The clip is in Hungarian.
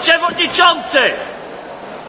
Przewodniczący!